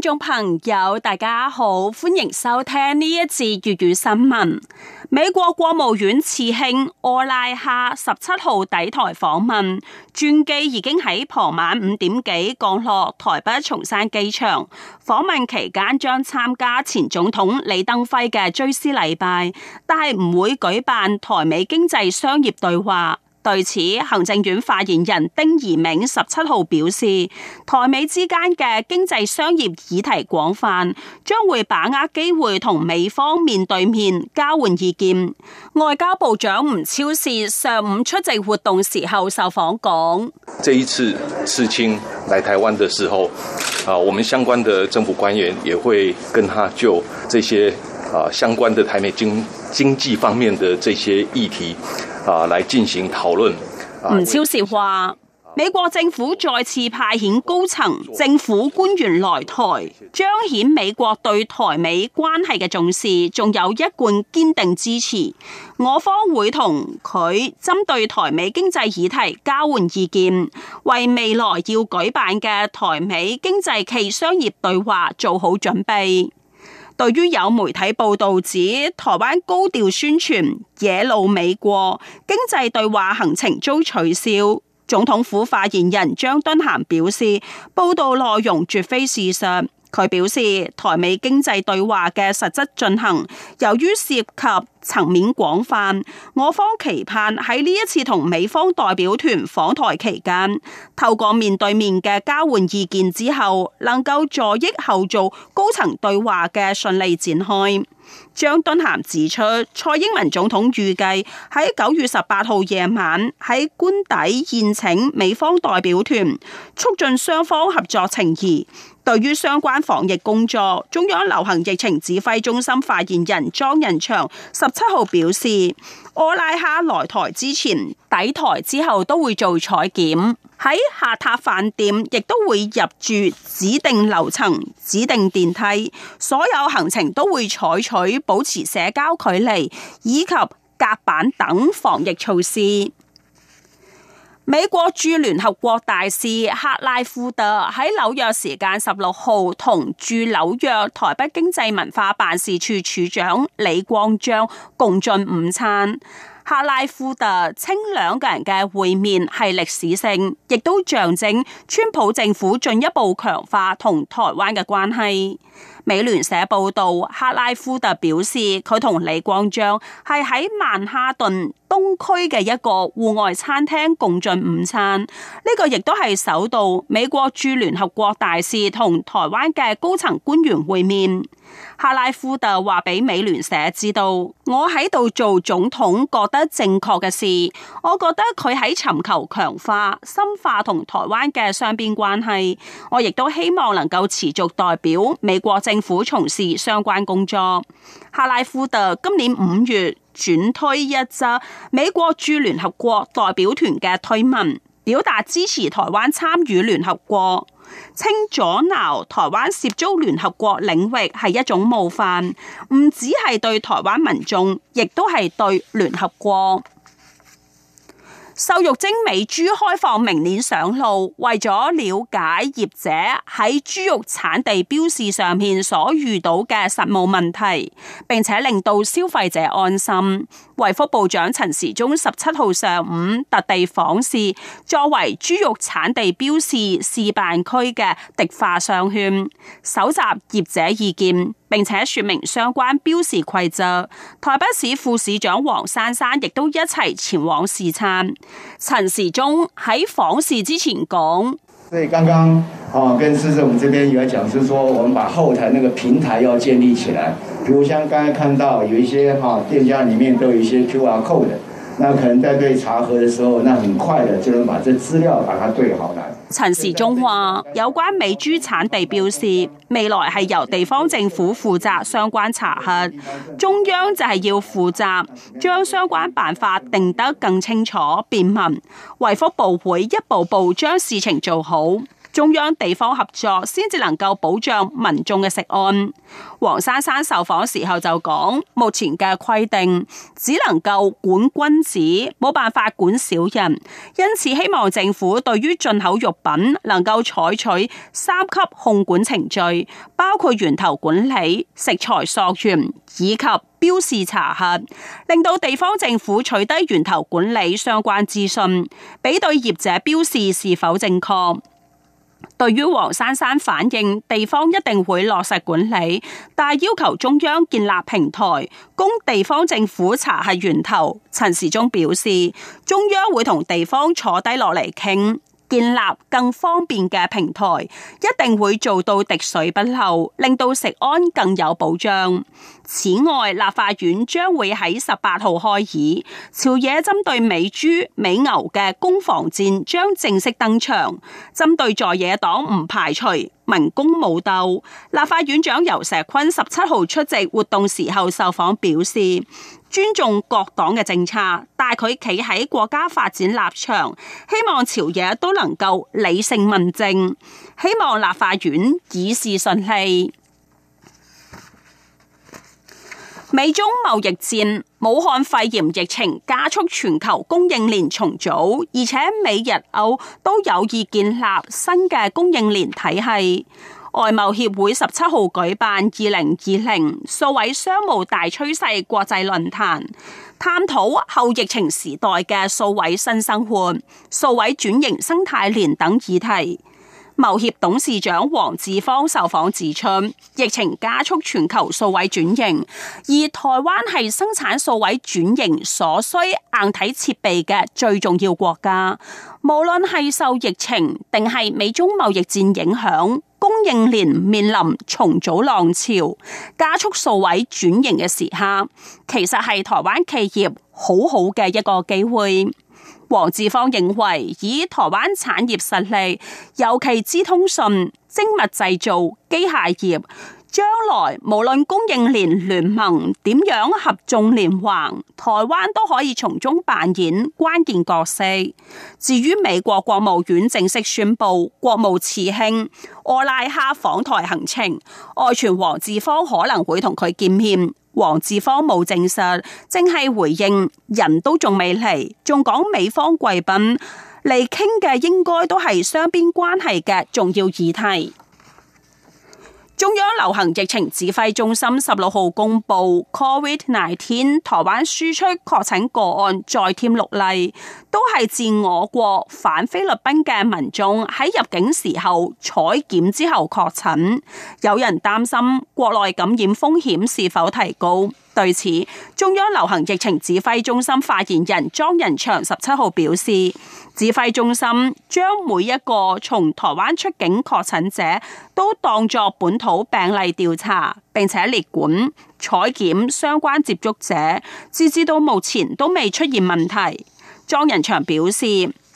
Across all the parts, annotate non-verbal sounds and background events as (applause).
聽眾朋友，大家好，歡迎收聽呢一次粵語新聞。美國國務院次卿柯拉克十七號抵台訪問，專機已經喺傍晚五點幾降落台北松山機場。訪問期間將參加前總統李登輝嘅追思禮拜，但係唔會舉辦台美經濟商業對話。對此，行政院發言人丁怡銘十七號表示，台美之間嘅經濟商業議題廣泛，將會把握機會同美方面對面交換意見。外交部長吳釗燮上午出席活動時候受訪講：這一次次卿來台灣的時候，啊，我們相關的政府官員也會跟他就這些啊相關的台美經經濟方面的這些議題。啊，來進行討論。吳釗燮話，美國政府再次派遣高層政府官員來台，彰顯美國對台美關係嘅重視，仲有一貫堅定支持。我方會同佢針對台美經濟議題交換意見，為未來要舉辦嘅台美經濟暨商業對話做好準備。對於有媒體報道指台灣高調宣傳野路美國經濟對話行程遭取消，總統府發言人張敦涵表示，報道內容絕非事實。佢表示，台美經濟對話嘅實質進行，由於涉及層面廣泛，我方期盼喺呢一次同美方代表團訪台期間，透過面對面嘅交換意見之後，能夠助益後續高層對話嘅順利展開。張敦涵指出，蔡英文總統預計喺九月十八號夜晚喺官邸宴請美方代表團，促進雙方合作情誼。對於相關防疫工作，中央流行疫情指揮中心發言人莊人祥十七號表示，柯拉克來台之前，抵台之後都會做採檢，喺下榻飯店亦都會入住指定樓層，指定電梯，所有行程都會採取保持社交距離以及隔板等防疫措施。美國駐聯合國大使克拉夫特喺紐約時間十六號同駐紐約台北經濟文化辦事處處長李光章共進午餐。克拉夫特稱兩個人嘅會面係歷史性，亦都象徵川普政府進一步強化同台灣嘅關係。美聯社報道，克拉夫特表示佢同李光章係喺曼哈頓。東區嘅一個戶外餐廳共進午餐，呢、這個亦都係首度美國駐聯合國大使同台灣嘅高層官員會面。夏拉夫特話俾美聯社知道，我喺度做總統覺得正確嘅事，我覺得佢喺尋求強化、深化同台灣嘅雙邊關係。我亦都希望能夠持續代表美國政府從事相關工作。夏拉夫特今年五月。轉推一則美國駐聯合國代表團嘅推文，表達支持台灣參與聯合國，稱阻撓台灣涉足聯合國領域係一種冒犯，唔止係對台灣民眾，亦都係對聯合國。瘦肉精美豬開放明年上路，為咗了，了解業者喺豬肉產地標示上面所遇到嘅實務問題，並且令到消費者安心，衛福部長陳時中十七號上午特地訪視作為豬肉產地標示試辦區嘅迪化商圈，搜集業者意見，並且說明相關標示規則。台北市副市長黃珊珊亦都一齊前往視察。陳時中喺訪視之前講，所以剛剛啊，跟市政府這邊要講，就是說，我們把後台那個平台要建立起來。比如像剛剛看到有一些哈、啊、店家裡面都有一些 QR Code 的。那可能在對查核嘅時候，那很快的就能把這資料把它對好啦。陳時中話，有關美豬產地標示，未來係由地方政府負責相關查核，中央就係要負責將相關辦法定得更清楚便民，衛福部會一步步將事情做好。中央地方合作先至能夠保障民眾嘅食安。黃珊珊受訪時候就講，目前嘅規定只能夠管君子，冇辦法管小人，因此希望政府對於進口肉品能夠採取三級控管程序，包括源頭管理、食材溯源以及標示查核，令到地方政府取得源頭管理相關資訊，比對業者標示是否正確。對於黃珊珊反映，地方一定會落實管理，但要求中央建立平台，供地方政府查系源頭。陳時中表示，中央會同地方坐低落嚟傾。建立更方便嘅平台，一定會做到滴水不漏，令到食安更有保障。此外，立法院將會喺十八號開議，朝野針對美豬美牛嘅攻防戰將正式登場。針對在野黨，唔排除民工武鬥。立法院長游錫堃十七號出席活動時候受訪表示。尊重各黨嘅政策，但佢企喺國家發展立場，希望朝野都能夠理性問政，希望立法院議事順利。 (noise) 美中貿易戰、武漢肺炎疫情加速全球供應鏈重組，而且美日澳都有意建立新嘅供應鏈體系。外貿協會十七號舉辦二零二零數位商務大趨勢國際論壇，探討後疫情時代嘅數位新生活、數位轉型生態鏈等議題。貿協董事長黃志芳受訪指出，疫情加速全球數位轉型，而台灣係生產數位轉型所需硬體設備嘅最重要國家。無論係受疫情定係美中貿易戰影響，供應鏈面臨重組浪潮，加速數位轉型嘅時刻，其實係台灣企業好好嘅一個機會。黃志芳認為，以台灣產業實力，尤其之通訊、精密製造、機械業，將來無論供應鏈聯盟點樣合縱連橫，台灣都可以從中扮演關鍵角色。至於美國國務院正式宣布國務次卿柯拉克訪台行程，外傳黃志芳可能會同佢見面。黃志芳冇證實，淨係回應，人都仲未嚟，仲講美方貴賓嚟傾嘅應該都係雙邊關係嘅重要議題。中央流行疫情指揮中心十六號公布 COVID nineteen 台灣輸出確診個案再添六例，都係自我國返菲律賓嘅民眾喺入境時候採檢之後確診，有人擔心國內感染風險是否提高？對此，中央流行疫情指揮中心發言人莊人祥十七號表示，指揮中心將每一個從台灣出境確診者都當作本土病例調查，並且列管採檢相關接觸者，直至到目前都未出現問題。莊人祥表示。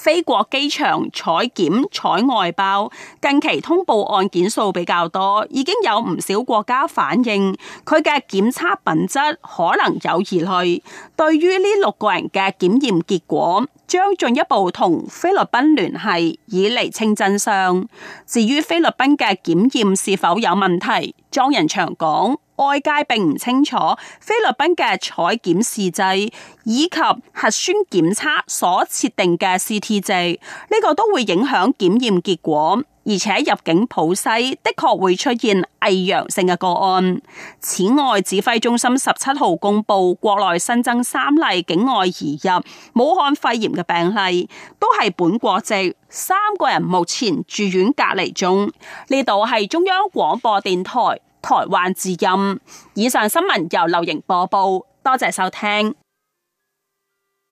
菲國機場採檢採外包，近期通報案件數比較多，已經有唔少國家反映佢嘅檢測品質可能有疑慮。對於呢六個人嘅檢驗結果，將進一步同菲律賓聯繫以釐清真相。至於菲律賓嘅檢驗是否有問題，莊人祥講。外界並唔清楚菲律賓嘅採檢試劑以及核酸檢測所設定嘅 CT 值，呢個都會影響檢驗結果。而且入境普西的確會出現偽陽性嘅個案。此外，指揮中心十七號公布國內新增三例境外移入武漢肺炎嘅病例，都係本國籍，三個人目前住院隔離中。呢度係中央廣播電台。台灣字音。以上新聞由劉瑩播報，多謝收聽。